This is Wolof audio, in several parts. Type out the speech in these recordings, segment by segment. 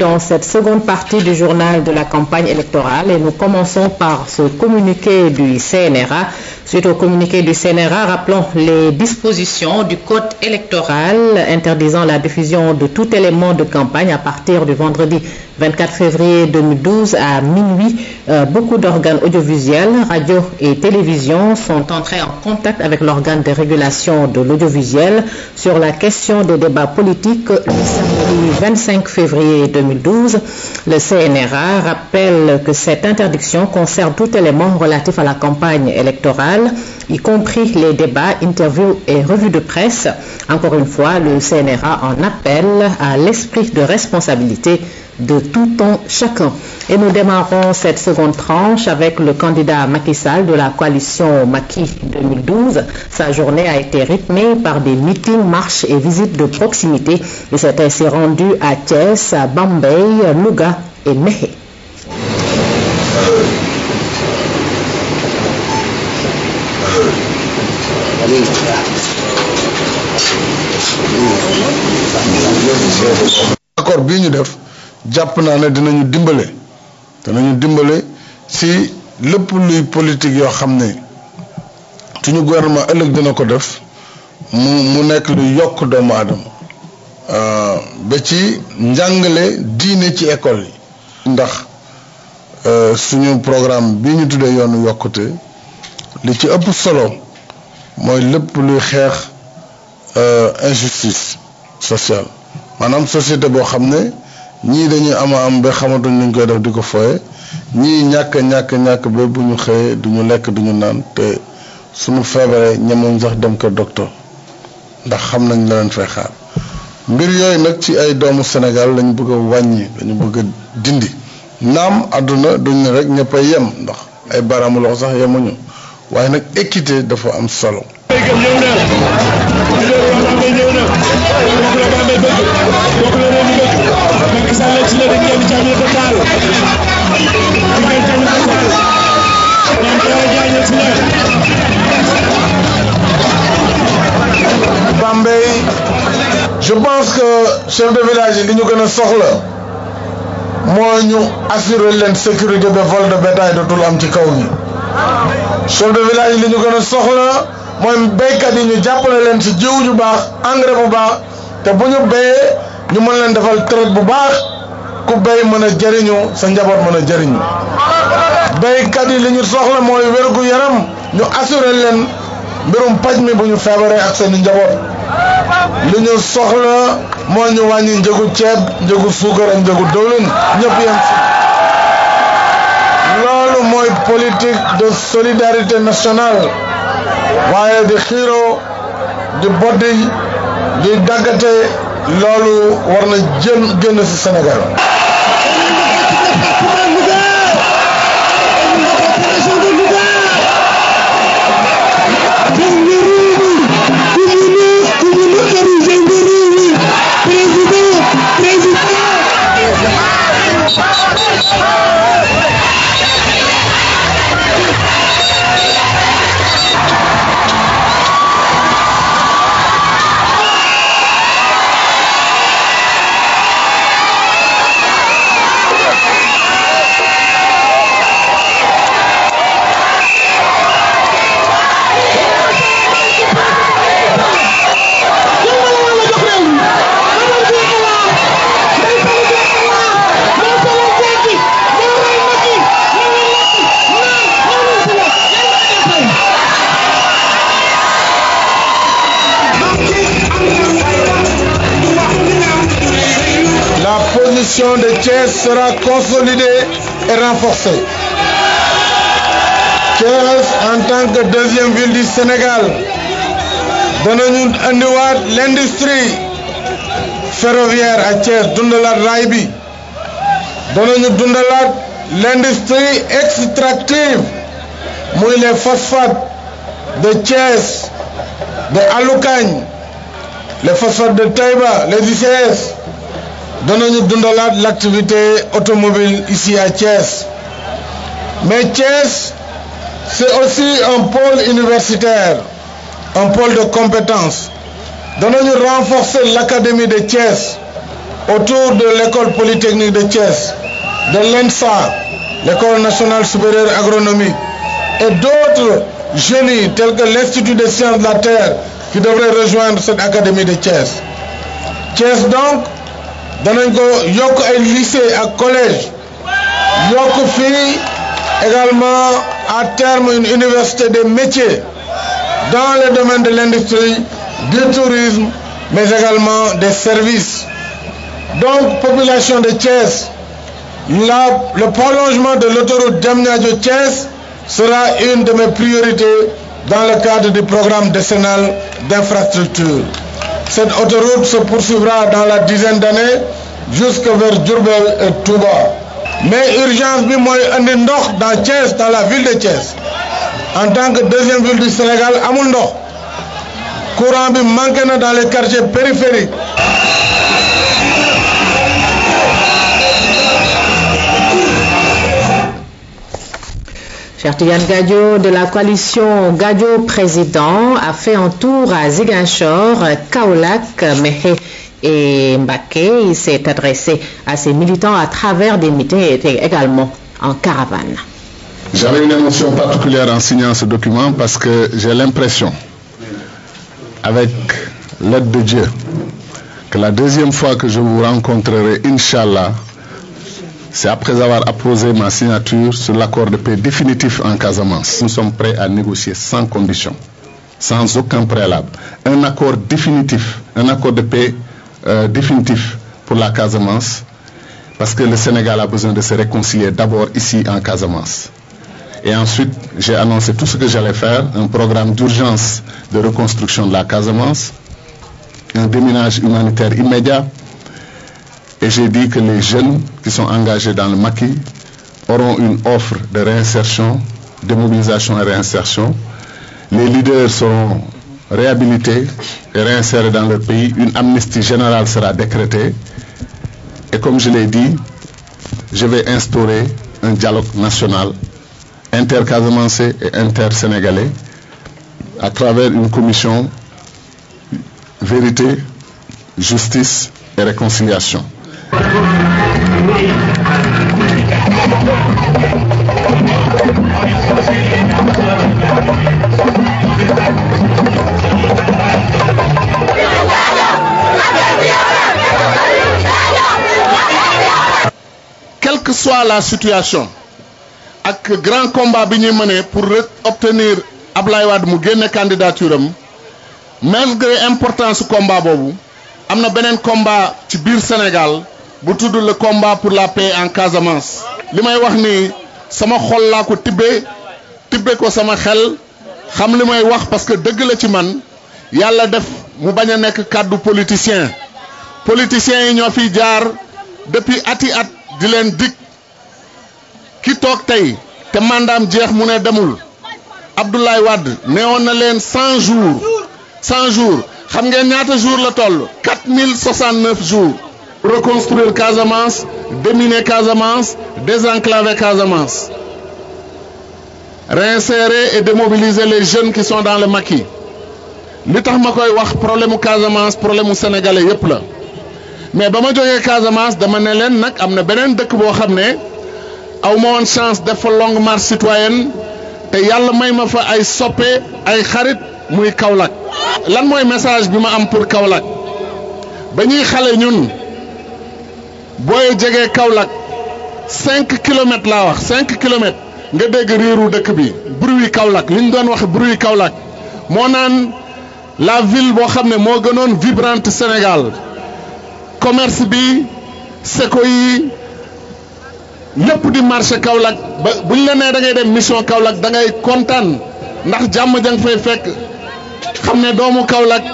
dans cette seconde partie du journal de la campagne électorale et nous commençons par ce communiqué du CNRA Suite au communiqué du CNRA rappelant les dispositions du Code électoral interdisant la diffusion de tout élément de campagne à partir du vendredi 24 février 2012 à minuit, euh, beaucoup d'organes audiovisuels, radio et télévision sont entrés en contact avec l'organe de régulation de l'audiovisuel sur la question des débats politiques le samedi 25 février 2012. Le CNRA rappelle que cette interdiction concerne tout élément relatif à la campagne électorale y compris les débats, interviews et revues de presse. Encore une fois, le CNRA en appelle à l'esprit de responsabilité de tout en chacun. Et nous démarrons cette seconde tranche avec le candidat Macky de la coalition Macky 2012. Sa journée a été rythmée par des meetings, marches et visites de proximité. Il s'est ainsi rendu à Thiès, à Bombay, Louga et Mehé. lónìí. bii ñu def jàpp naa ne dinañu dimbale dinañu dimbale si lépp luy politique yoo xam ne suñu gouvernement ëllëg dina ko def mu mu nekk lu yokk doomu aadama euh, ba ci njàngale diine ci école yi. ndax euh, suñu programme bii ñu tuddee yoonu yokkute li ci ëpp solo. mooy lépp luy xeex euh, injustice sociale maanaam société boo xam ne ñii dañuy ama am ba xamatuñ lu koy def di ko fooye ñii ñàkk ñàkk ñàkk ba bu ñu xëyee du ñu lekk du naan te suñu feebaree ñemuñ sax dem ko docteur ndax xam nañ la leen fay xaar mbir yooyu nag ci ay doomu Sénégal lañu bëgg wàññi dañu bëgg a dindi naam àdduna duñ ne rek ñëpp a yem ndax ay baraamu loxo sax yemuñu waaye nag équité dafa am solo. Bambey je pense que chef de village yi li ñu gën a soxla moo ñu assurer leen sécurité de vol de bétail dootul am ci kaw ñi. chef de village li ñu gën a soxla mooy béykat yi ñu jàppale leen si jiw ju baax engrais bu baax te bu ñu béyee ñu mën leen defal traite bu baax ku béy mën a jëriñu sa njaboot mën a jëriñu béykat yi li ñu soxla mooy wérgu yaram ñu assuré leen mbirum paj mi bu ñu feebaree ak seen njaboot li ñu soxla moo ñu wàññi njëgu ceeb njëgu suukar ak njëgu dëwlin ñëpp yem si loolu mooy politique de solidarité nationale waaye di xiiroo di boddi di daggate loolu war na jëm génn ci Sénégal de Thiès sera consolidée et renforcée. Thiès en tant que deuxième ville du Sénégal un l'industrie ferroviaire à Thiès Dundalat Raibi. bi nous Dundalat l'industrie extractive les phosphates de Thiès de Aloukagne les phosphates de Taïba les ICS Donnons-nous l'activité automobile ici à Thiès mais Thiès c'est aussi un pôle universitaire un pôle de compétences Nous renforcer l'académie de Thiès autour de l'école polytechnique de Thiès de l'ENSA l'école nationale supérieure Agronomie, et d'autres génies tels que l'institut des sciences de la terre qui devrait rejoindre cette académie de Thiès Thiès donc d'un Yoko ay lycée à collège Yoko fi également à terme une université de métiers dans le domaine de l'industrie du tourisme mais également des services donc population de Thiès le prolongement de l'autoroute de Thiès sera une de mes priorités dans le cadre du programme décennal d'infrastructure cette autoroute se poursuivra dans la dizaine d'années jusque vers et Touba. mais urgence il y a un dans dans la ville de Thiès en tant que deuxième ville du Sénégal amul courant bi manque dans les quartiers périphériques Chertian Gadio de la coalition Gadio Président a fait un tour à Ziganchor, Kaolak, Mehé et Mbake. Il s'est adressé à ses militants à travers des meetings et également en caravane. J'avais une émotion particulière en signant ce document parce que j'ai l'impression, avec l'aide de Dieu, que la deuxième fois que je vous rencontrerai, Inch'Allah, c'est après avoir apposé ma signature sur l'accord de paix définitif en Casamance. Nous sommes prêts à négocier sans condition, sans aucun préalable. Un accord définitif, un accord de paix euh, définitif pour la Casamance, parce que le Sénégal a besoin de se réconcilier d'abord ici en Casamance. Et ensuite, j'ai annoncé tout ce que j'allais faire, un programme d'urgence de reconstruction de la Casamance, un déminage humanitaire immédiat, et j'ai dit que les jeunes qui sont engagés dans le maquis auront une offre de réinsertion, de mobilisation et réinsertion. Les leaders seront réhabilités et réinsérés dans le pays. Une amnistie générale sera décrétée. Et comme je l'ai dit, je vais instaurer un dialogue national intercasemancé et inter-sénégalais à travers une commission vérité, justice et réconciliation. quelle que la situation ak grand combat bi ñuy mëne pour obtenir Ablaye Wade mu génne candidature am importance combat boobu am na beneen combat ci biir senegal pour tout le combat pour la paix en Casamance. limay wax ni sama xol la ko ko sama xel xam wax parce que la ci man def mu cadre politicien politiciens depuis ati at di que dik ki te mandam mu ne demul Abdoulaye Wade na jours 100 jours xam ngeen jours la toll jours reconstruire Casamance, déminer Casamance, désenclaver Casamance, réinsérer et démobiliser les jeunes qui sont dans le maquis. li tax ma problème de Casamance problème du sénégalais yëpp la mais ba ma Casamance Je veux leen nag am na beneen dëkk boo xam ne aw ma une chance def fa longue marche citoyenne te yàlla may ma fa ay je ay xarit muy Kaolack lan le message bi am pour Kaolack ba ñuy xale ñun. boy jégué Kaolack 5 km la wax 5 km nga dégg riiru dëkk bi bruit Kaolack liñ doon wax bruit Kaolack mo naan la ville bo xamné mo gënon vibrante Sénégal commerce bi seko yi lépp di marché Kaolack buñ la né da ngay dem mission Kaolack da ngay contane ndax jamm jang fay fekk xamné domo doomu Kaolack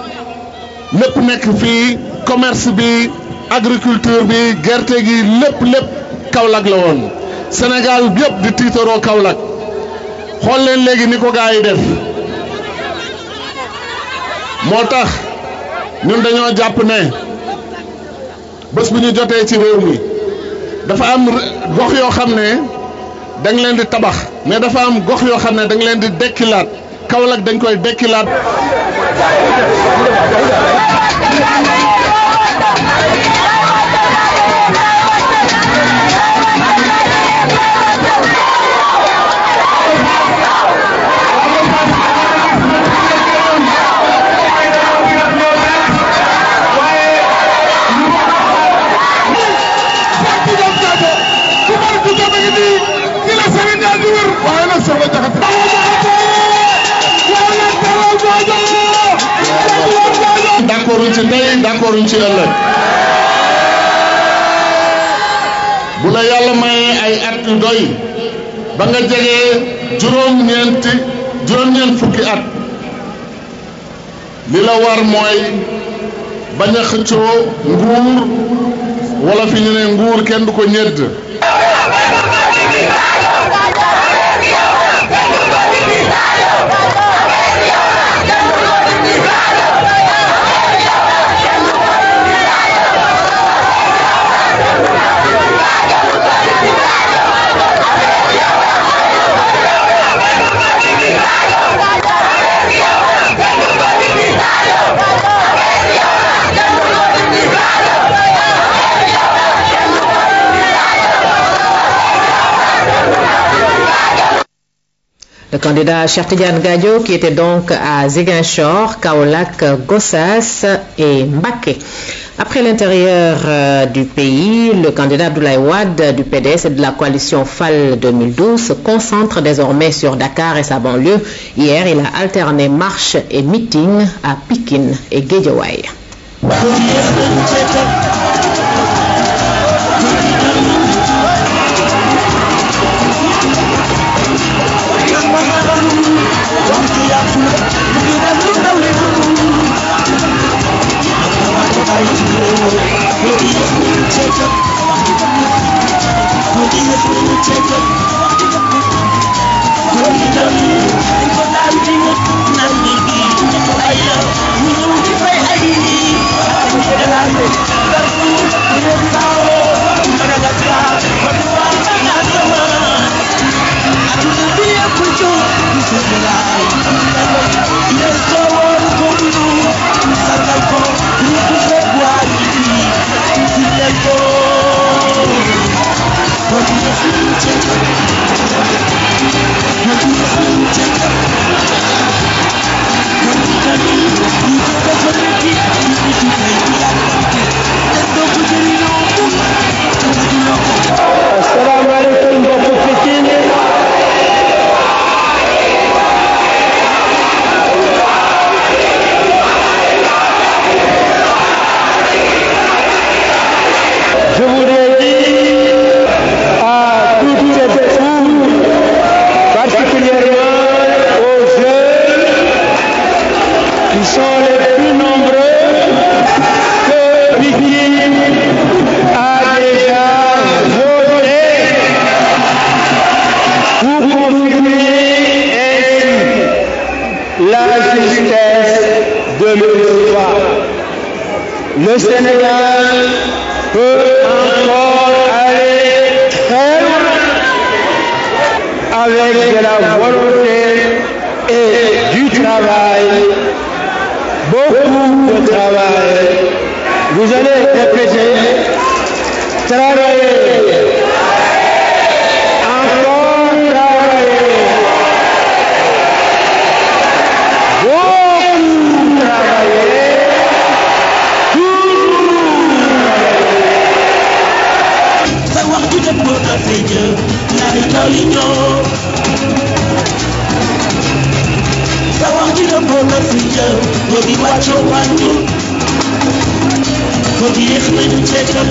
lepp nek fi commerce bi agriculture bi gerte gi lépp lépp Kaolack la woon Sénégal gépp di tiitaroo Kaolack xool leen léegi ni ko gaa yi def moo tax ñun dañoo jàpp ne bés bu ñu jotee ci réew mi dafa am gox yoo xam ne dañ leen di tabax mais dafa am gox yoo xam ne dañ leen di dekkilaat Kaolack dañ koy dekkilaat. ci tey d'accord ñu ci bu la yàlla mayee ay at yu doy ba nga jege juróom ñeent fukki at li la war mooy bañ a nguur wala fi ñu ne nguur kenn du ko ñedd Le candidat Chertidiane Gadio, qui était donc à Ziguinchor, Kaolac, Gossas et Mbake. Après l'intérieur euh, du pays, le candidat Abdoulaye du PDS et de la coalition FAL 2012 se concentre désormais sur Dakar et sa banlieue. Hier, il a alterné marche et meeting à Pékin et Guédiawaye. Je vous rajo Banjul kon yéex nañu ceekal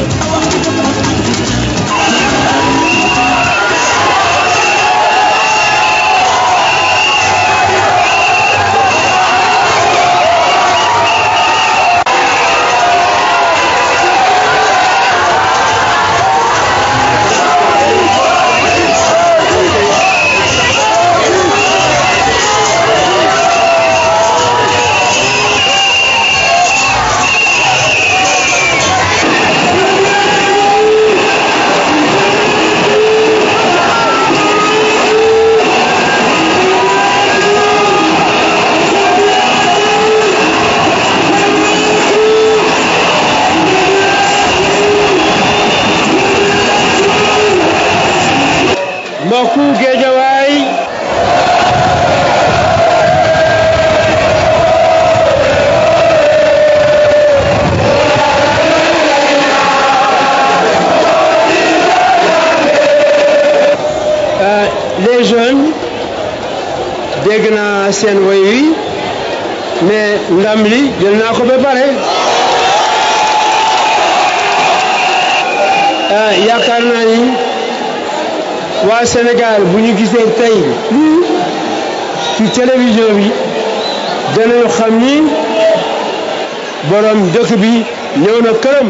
dégg naa seen woy wi mais ndam li jël naa ko ba pare ah, yaakaar naa ni waa Sénégal bu ñu gisee tey ci télévision bi danañu xam ni borom dëkk bi ñëw na këram.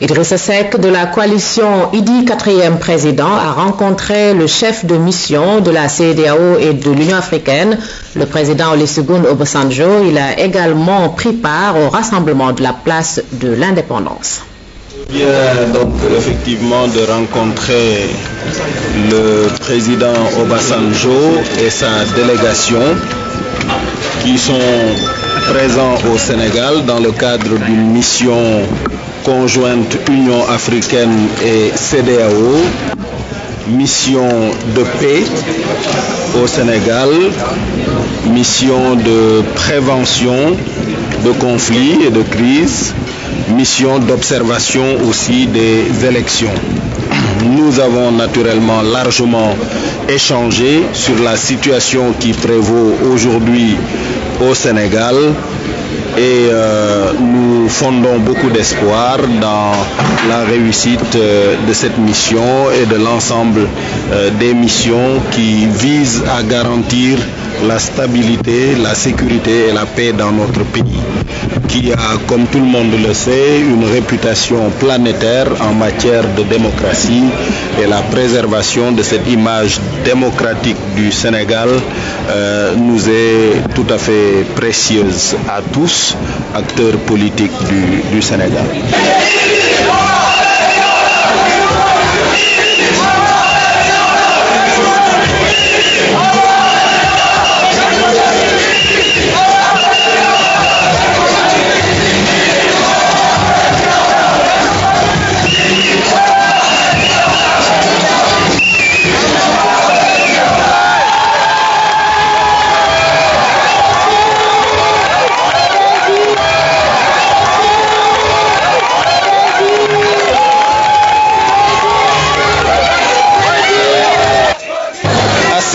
Idrissa Seck de la coalition IDI 4e président a rencontré le chef de mission de la CEDEAO et de l'Union africaine, le président Olusegun Obasanjo. Il a également pris part au rassemblement de la place de l'indépendance. Bien, donc effectivement de rencontrer le président Obasanjo et sa délégation qui sont présents au Sénégal dans le cadre d'une mission conjointe Union africaine et CDAO, mission de paix au Sénégal, mission de prévention de conflits et de crises, mission d'observation aussi des élections. Nous avons naturellement largement échangé sur la situation qui prévaut aujourd'hui au Sénégal et euh, nous fondons beaucoup d'espoir dans la réussite euh, de cette mission et de l'ensemble euh, des missions qui visent à garantir la stabilité, la sécurité et la paix dans notre pays, qui a, comme tout le monde le sait, une réputation planétaire en matière de démocratie et la préservation de cette image démocratique du Sénégal nous est tout à fait précieuse à tous. acteurs politiques du, du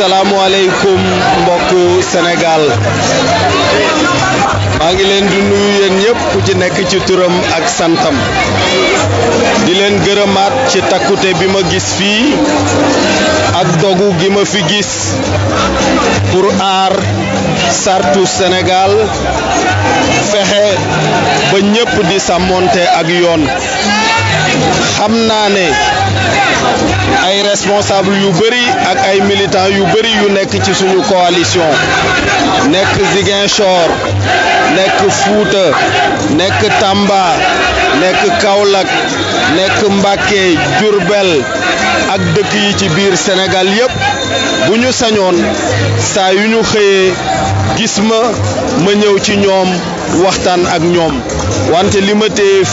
Assalamualaikum mbokku Senegal. ma ngi leen di nuyu yéen ñëpp ku ci nekk ci turam ak santam di leen gërëmaat ci takkute bi ma gis fii ak dogu gi ma fi gis pour aar sartu senegal fexe ba ñëpp di sàmmonte ak yoon xam naa ne ay responsable yu bari ak ay militan yu bari yu nekk ci suñu coalition nekk Ziguinchor nekk Fuuta nekk Tamba nekk Kaolack nekk Mbacké Diourbel ak dëkk yi ci biir Sénégal yépp bu ñu sañoon saa yu ñu xëyee gis ma ma ñëw ci ñoom waxtaan ak ñoom wante li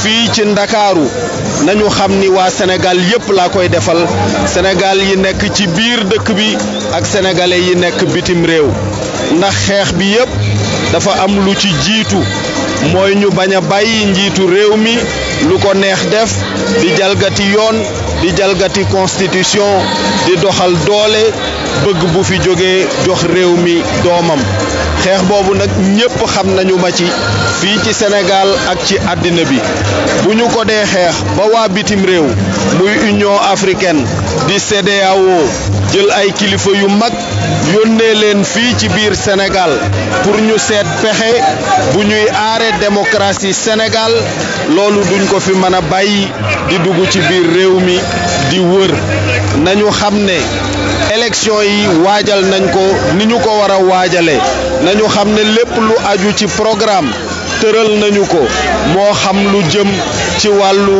fii ci Ndakaaru nañu xam ni waa Sénégal yëpp laa koy defal senegal yi nekk ci biir dëkk bi ak sénégalais yi nekk bitim réew ndax xeex bi yëpp dafa am lu ci jiitu mooy ñu bañ a bàyyi njiitu réew mi lu ko neex def di jalgati yoon di jalgati constitution di doxal doole bëgg bu fi jógee jox réew mi doomam xeex boobu nag ñépp xam nañu ma ci fii ci Sénégal ak ci àddina bi bu ñu ko dee xeex ba waa bitim réew muy Union africaine di CEDEAO jël ay kilifa yu mag yónnee leen fii ci biir Sénégal pour ñu seet pexe bu ñuy aare démocratie Sénégal loolu duñ ko fi mën a bàyyi di dugg ci biir réew mi di wër nañu xam ne élection yi waajal nañ ko ni ñu ko war a waajale nañu xam ne lépp lu aju ci programme tëral nañu ko moo xam lu jëm ci wàllu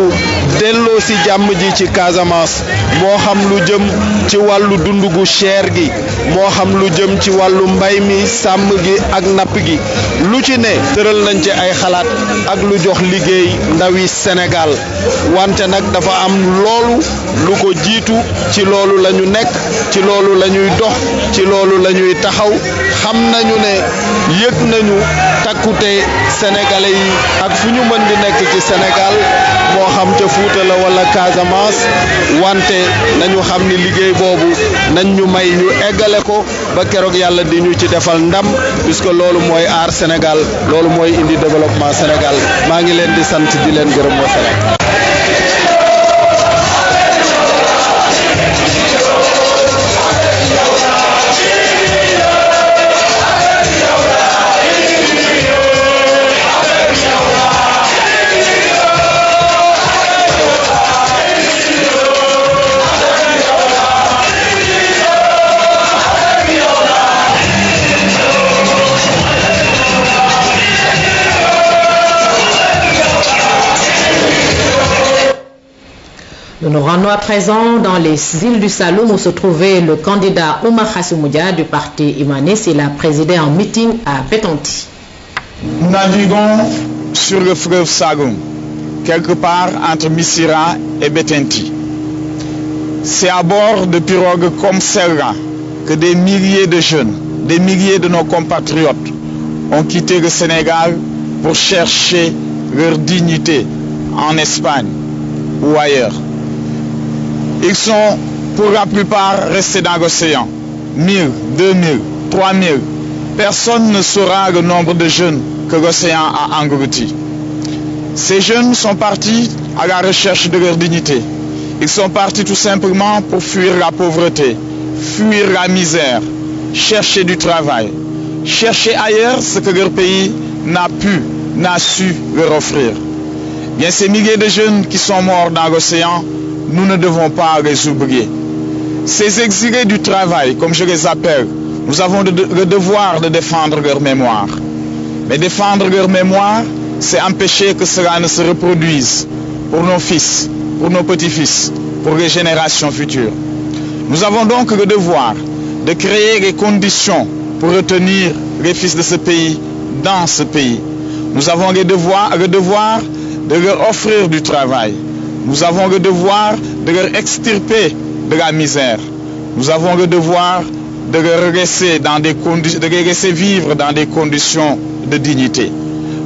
delloosi si jàmm ji ci Casamance moo xam lu jëm ci wàllu dund gu cher gi moo xam lu jëm ci wàllu mbay mi sàmm gi ak napp gi lu ci ne tëral nañ ci ay xalaat ak lu jox liggéey ndawi Sénégal wante nag dafa am loolu lu ko jiitu ci loolu la ñu nekk ci loolu la ñuy dox ci loolu lañuy taxaw xam nañu ne yëg nañu takkute sénégalais yi ak fu ñu mën di nekk ci Sénégal moo xam ca Fuuta la wala Casamance wante nañu xam ni liggéey boobu nañ ñu may ñu eggale ko ba keroog yàlla di ñu ci defal ndam puisque loolu mooy aar Sénégal loolu mooy indi développement senegal maa ngi leen di sant di leen gërëm wa salaam Nous rendons à présent dans les îles du Saloum où se trouvait le candidat Omar Hassimoudia du parti Imanis. et la présidé en meeting à Pétanti. Nous naviguons sur le fleuve Saloum, quelque part entre Missira et Betenti. C'est à bord de pirogues comme celle-là que des milliers de jeunes, des milliers de nos compatriotes ont quitté le Sénégal pour chercher leur dignité en Espagne ou ailleurs. Ils sont pour la plupart restés dans l'océan. 1000, 2000, 3000. Personne ne saura le nombre de jeunes que l'océan a engloutis. Ces jeunes sont partis à la recherche de leur dignité. Ils sont partis tout simplement pour fuir la pauvreté, fuir la misère, chercher du travail, chercher ailleurs ce que leur pays n'a pu, n'a su leur offrir. Bien, ces milliers de jeunes qui sont morts dans l'océan nous ne devons pas les oublier. Ces exilés du travail, comme je les appelle, nous avons le devoir de défendre leur mémoire. Mais défendre leur mémoire, c'est empêcher que cela ne se reproduise pour nos fils, pour nos petits-fils, pour les générations futures. Nous avons donc le devoir de créer les conditions pour retenir les fils de ce pays dans ce pays. Nous avons le devoir de leur offrir du travail, nous avons le devoir de leur extirper de la misère. Nous avons le devoir de les laisser, vivre dans des conditions de dignité.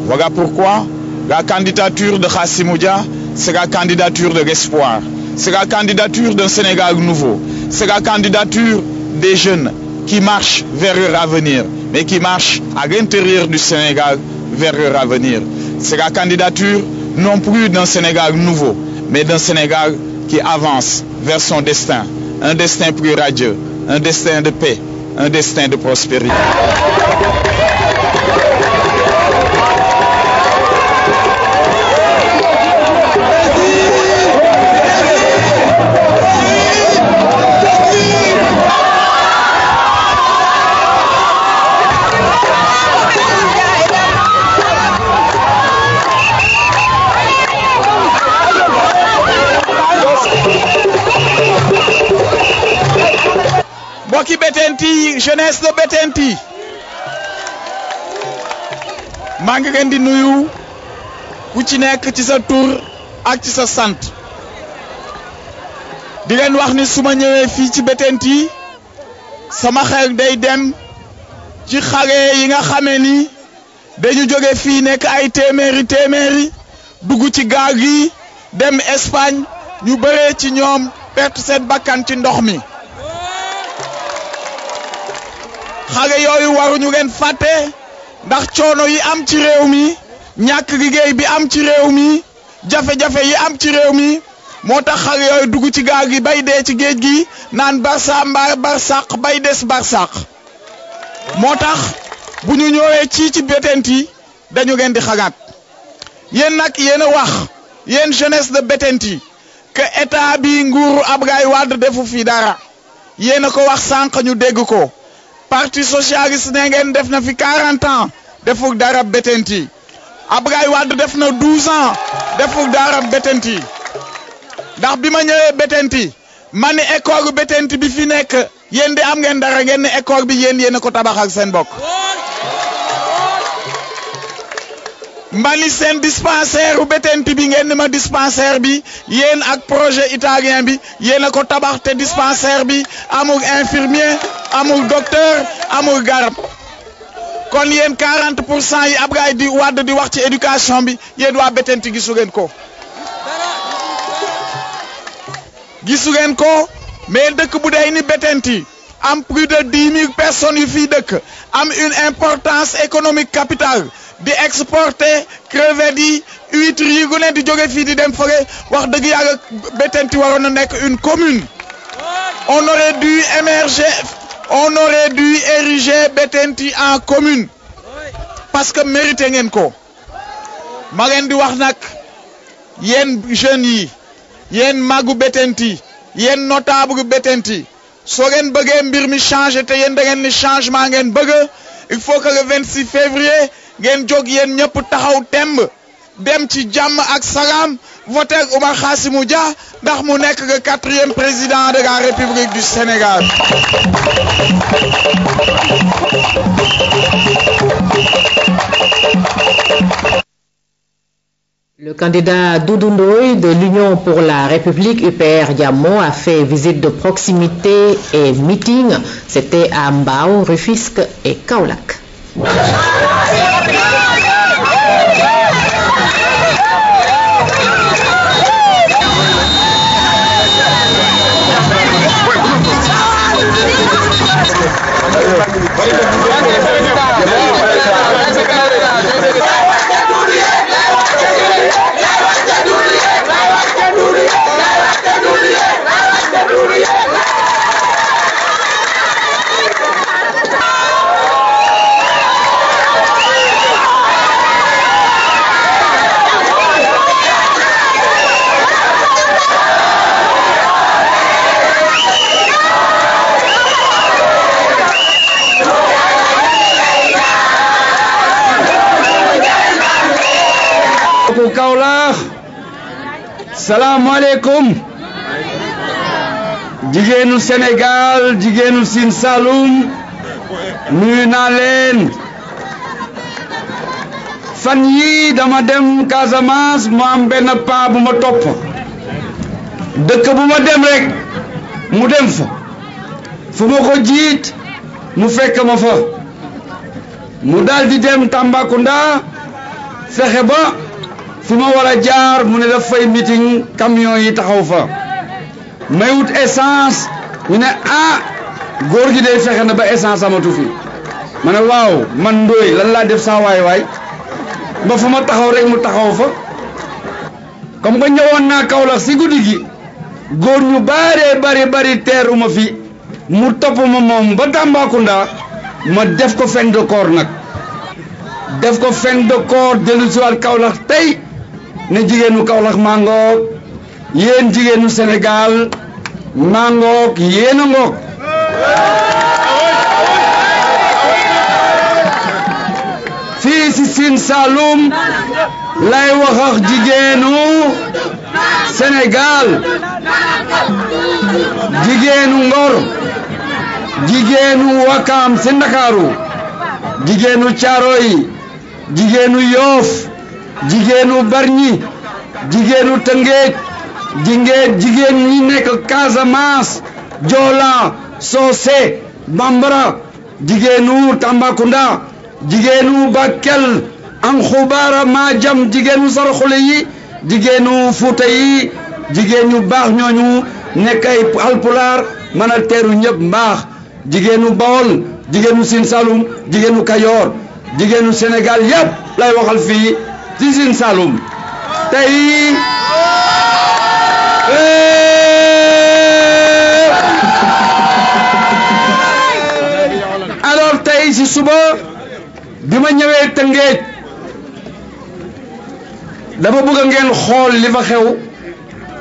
Voilà pourquoi la candidature de Moudia, c'est la candidature de l'espoir. C'est la candidature d'un Sénégal nouveau. C'est la candidature des jeunes qui marchent vers leur avenir, mais qui marchent à l'intérieur du Sénégal vers leur avenir. C'est la candidature non plus d'un Sénégal nouveau, mais d'un Sénégal qui avance vers son destin, un destin plus radieux, un destin de paix, un destin de prospérité. mbokki Bettenty yi jeunesse maa ngi leen di nuyu ku ci nekk ci sa tur ak ci sa sant di leen wax ni suma ma ñëwee fii ci Bettenty sama xel day dem ci xale yi nga xame ni dañu jóge fii nekk ay téeméeri téeméeri dugg ci gaal yi dem Espagne ñu bëree ci ñoom perte seen bakkan ci ndox mi. xale yooyu waruñu ngeen fàtte ndax coono yi am ci réew mi ñàkk gi liggéey bi am ci réew mi jafe-jafe yi am ci réew mi moo tax xale yooyu dugg ci gaal gi bay dee ci géej gi naan barsa mbaar barsàq bay des barsàq moo tax bu ñu ñëwee ci ci Bettenty dañu leen di xalaat yéen nag yéen wax yéen jeunesse de Bettenty que état bi nguuru Abdoulaye Wade defu fi dara yéen a ko wax sànq ñu dégg ko parti socialiste ne ngeen def na fi 40 ans defuk dara betenti Abdoulaye Wade def na 12 ans defuk dara betenti ndax bi ma ñëwee betenti ma ne école betenti bi fi nekk yéen di am ngeen dara ngeen ne école bi yéen yéen ko tabax ak seen bokk. mbani seen dispensaire u bi ngeen ni ma dispensaire bi yéen ak projet italien bi yéen a ko tabax te dispensaire bi amul infirmier amul docteur amul garab kon yéen 40 pour cent yi Abdoulaye di Wade di wax ci éducation bi yéen waa Bettenty gisu ngeen ko gisu ngeen ko mais dëkk bu day ni Bettenty am plus de 10 000 personnes yu fii dëkk am une importance économique capitale di exporter crevettes yi huîtres yi gu di jogé fi di dem fële wax deug yàlla Bettenty warona nek une commune on aurait dû émerger on aurait dû ériger Bettenty en commune parce que mérité ngeen ko ma leen di wax nak yéen jeunes yi yéen màggu Bettenty yéen notable Bettenty so ngeen bëggee mbir mi changer té yéen da ngeen ni changement ngeen bëgg il faut que le 26 février ngeen jóg ñep au taxaw temb dem ci jamm ak salam voté Omar Khassimou Dia ndax mu nekk le quatrième président de la République du Sénégal. Le candidat Doudou de l'Union pour la République UPR yamon a fait visite de proximité et meeting. C'était à Mbao, Rufisque et Kaulak. salaamaleykum jigéenu Sénégal jigéenu Sine Saloum nuyu naa leen fan yii dama dem Casamance mu am benn paa bu ma topp dëkk bu ma dem rek mu dem fa fu ma ko jiit mu fekk ma fa mu daldi dem Tambacounda fexe ba. fuma wara jaar mu ne daf fay meeting camion yi taxaw fa may wut essence mu ne ah góor gi day fexe na ba essence amatu fi mu ne waw man ndooy lan la def sa way way ba fuma taxaw rek mu taxaw fa comme que ñewon na Kaolack si guddi gi góor ñu bare bare bare fi mu topuma mom ba Tambacounda ma def ko fen de corps nak def ko fen de corps delu ci wal tay ne jigenu Kaolack mangok yen jigenu senegal mangok yen ngok fi fii si Sine Saloum lay wax ak jigenu senegal jigenu Ngor jigenu wakam sin dakaru jigenu charoy jigenu yof jigéenu barñi jigéenu Tëngéej jigéen ñi nekk Casamance Joola Soose Bambara jigéenu Tambacounda jigéenu Bakel Anxubaara Maajam jigéenu Saraxule yi jigéenu Fuuta yi jigéen ñu baax ñooñu nekk ay alpulaar mën a teeru ñëpp mbaax jigéenu Bawol jigéenu Siin Saalum jigéenu Kajoor jigéenu Sénégal yépp lay waxal fii ci Salum Saloum eh. alors tey si suba bi ma ñëwee Tëngéej dama bëgg ngeen xool li fa xew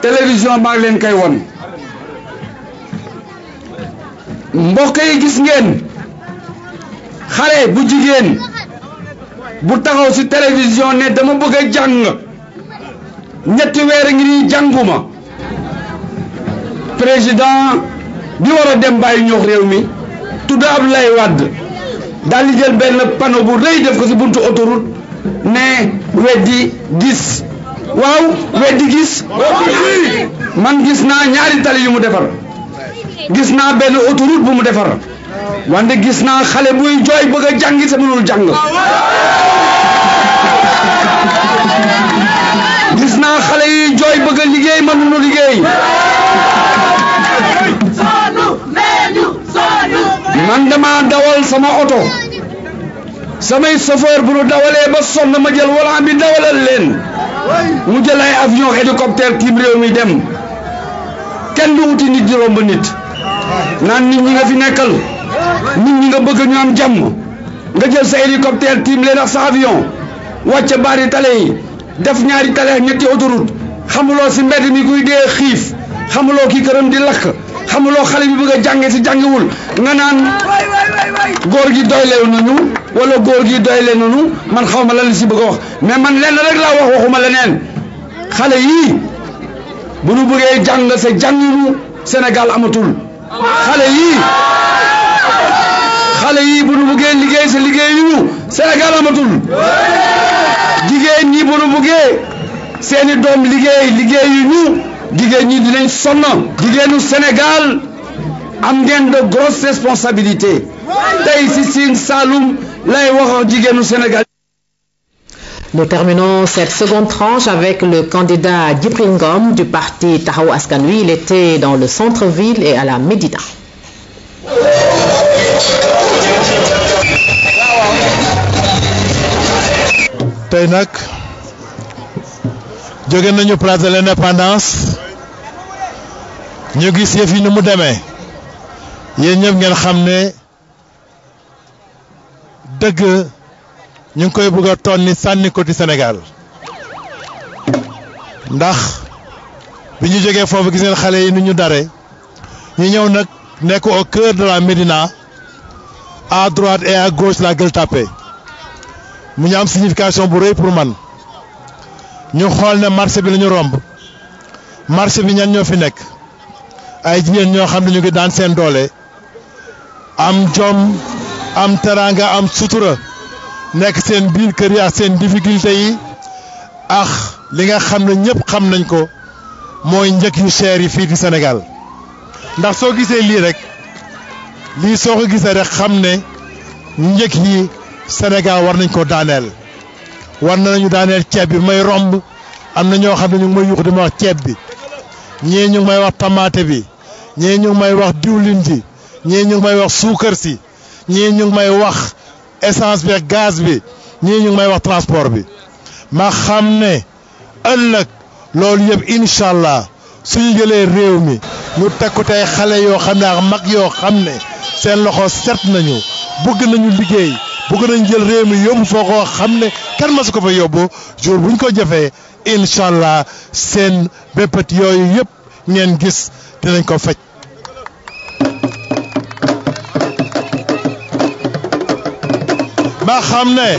télévision maa ngi leen won mbokk yi gis ngeen xale bu bu taxaw si télévision ne dama bëgg a jàng ñetti weer ngi nii jànguma président bi war a dem bàyyi ñoox réew mi tudd Abdoulaye Wade daal di jël benn panneau bu rëy def ko si buntu autoroute ne weddi gis waaw weddi gis man gis naa ñaari tali yu mu defar gis naa benn autoroute bu mu defar wande gis na xale buy joy bëgg a sa mënul jang gis na xale yi joy bëgg liggéey mënul liggéey man dama dawal sama auto samay chauffeur bu nu dawalee ba sonna ma jël wala bi dawalal len mu jël ay avion hélicoptère tim réew mi dem kenn du wuti nit di romb nit nan nit ñi nga fi nekkal nit ñi nga bëgg ñu am jàmm nga jël sa hélicoptère tiim leen ak sa avion wàcc baari tale yi def ñaari tale ñetti autoroute xamuloo si mbedd mi kuy dee xiif xamuloo kii këram di lakk xamuloo xale bi bëgg a jànge si jàngiwul nga naan góor gi doyle nañu wala góor gi doyle nañu man xaw ma lan si bëgg a wax mais man lenn rek laa wax waxuma leneen xale yii bu nu bëggee jàng sa jànginu senegal amatul xale yii xale yi bu nu buggee liggéey sa liggéey yu Sénégal amatul jigéen ñi bu nu buggee seeni doom liggéey liggéey ñu jigéen ñi dinañ sonn jigéenu Sénégal am ngeen de grosses responsabilités tey si Sine Saloum lay wax jigéenu Sénégal. Nous terminons cette seconde tranche avec le candidat Djibril du parti Tahaou Askanui. Il était dans le centre-ville et à la Médina. tey nag jóge nañu place de l'indépendance ñu gis yëf yi ni mu demee yéen ñëpp ngeen xam ne dëgg ñu ngi koy bëgg a ni sànni ko di Sénégal ndax bi ñu jógee foofu gis ngeen xale yi ni ñu dare ñu ñëw nag nekk au cœur de Médina à droite et à gauche la Gueule Tapée mu ñu am signification bu rëy pour man ñu xool ne marché bi la romb marché bi ñan ñoo fi nekk ay jigéen ñoo xam ne ñu ngi daan seen doole am jom am teraanga am sutura nekk seen biir kër yi ak seen difficulté yi ak li nga xam ne ñëpp xam nañ ko mooy njëg yu cher yi fii di Sénégal ndax soo gisee lii rek lii soo ko gisee rek xam ne njëg yi. Sénégal war nañ ko daaneel war nañu daaneel ceeb bi may romb am na ñoo xam ne ñu ngi yuux di ma wax ceeb bi ñii ñu may wax tamaate bi ñii ñu may wax diwlin ji ñii ñu may wax suukar si ñii ñu ngi may wax essence bi ak gaz bi ñii ñu may wax transport bi ma xam ne ëllëg loolu yëpp incha allah suñu jëlee réew mi ñu teg ko tey xale yoo xam ne ak mag yoo xam ne seen loxo set nañu bëgg nañu liggéey. bëgg nañ jël réew mi yóbbu foo ko xam ne kenn masu ko fa yóbbu jour buñ ko jëfee incha allah seen béppët yooyu yëpp ngeen gis dinañ ko faj. ma xam ne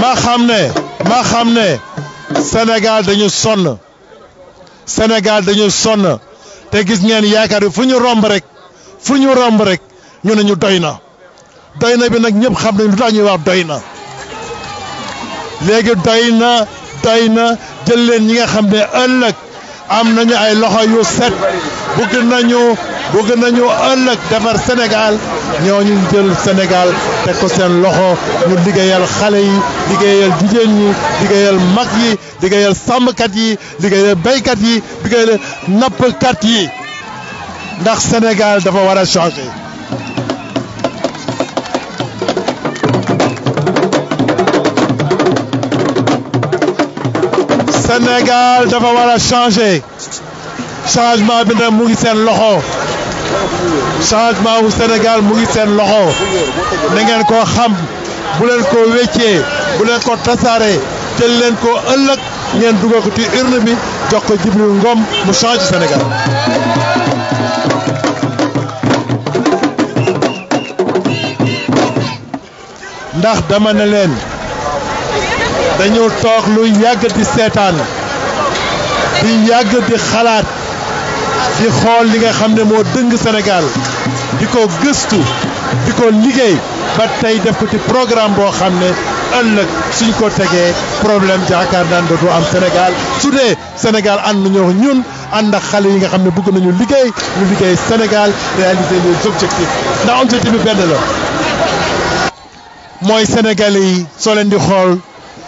ma xam ne ma xam ne Sénégal dañu sonn Sénégal dañu sonn te gis ngeen yaakaar fu ñu romb rek fu ñu romb rek ñu ne ñu doy na. doy na bi nag ñëpp xam nañ lu tax ñuy wax doy na léegi doy na doy na jël leen ñi nga xam ne ëllëg am nañu ay loxo yu set bëgg nañu bëgg nañu ëllëg defar Sénégal ñooñu jël Sénégal teg ko seen loxo ñu liggéeyal xale yi liggéeyal jigéen ñi liggéeyal mag yi liggéeyal sàmmkat yi liggéeyal béykat yi liggéeyal nappkat yi ndax Sénégal dafa war a changer. Sénégal dafa war a changer changement bi nag mu ngi seen loxo changement wu Sénégal mu ngi seen loxo na ngeen ko xam bu leen ko wéccee bu leen ko tasaare jël leen ko ëllëg ngeen dugal ko ci urne bi jox ko Djibril Ngom mu change Sénégal. ndax dama ne leen. dañu toog lu yàgg di seetaan di yàgg di xalaat di xool li nga xam ne moo dëng Sénégal di ko gëstu di ko liggéey ba tey def ko ci programme boo xam ne ëllëg suñ ko tegee problème jaakaar naan dootu am Sénégal su dee Sénégal ànd ñoo ñun ànd ak xale yi nga xam ne bëgg nañu liggéey ñu liggéey Sénégal réaliser les objectifs ndax objectif bi benn la mooy Sénégalais yi soo leen di xool.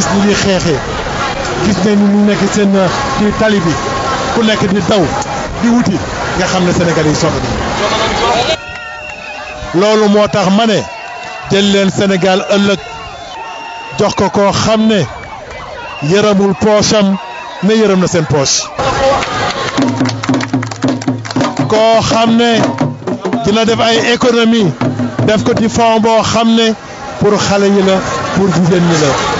gis gis nañ ni mu nekk seen euh, ci tali bi ku nekk di daw nga xam ne Sénégal loolu moo tax ma ne jël leen Sénégal ëllëg jox ko koo xam ne yërëmul poche am ne yërëm na seen poche koo xam ne dina def ay économie def ko di fond boo xam ne pour xale yi la pour jigéen ñi la.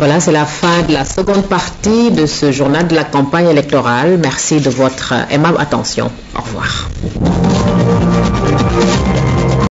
Voilà, c'est la fin de la seconde partie de ce journal de la campagne électorale. Merci de votre aimable attention. Au revoir.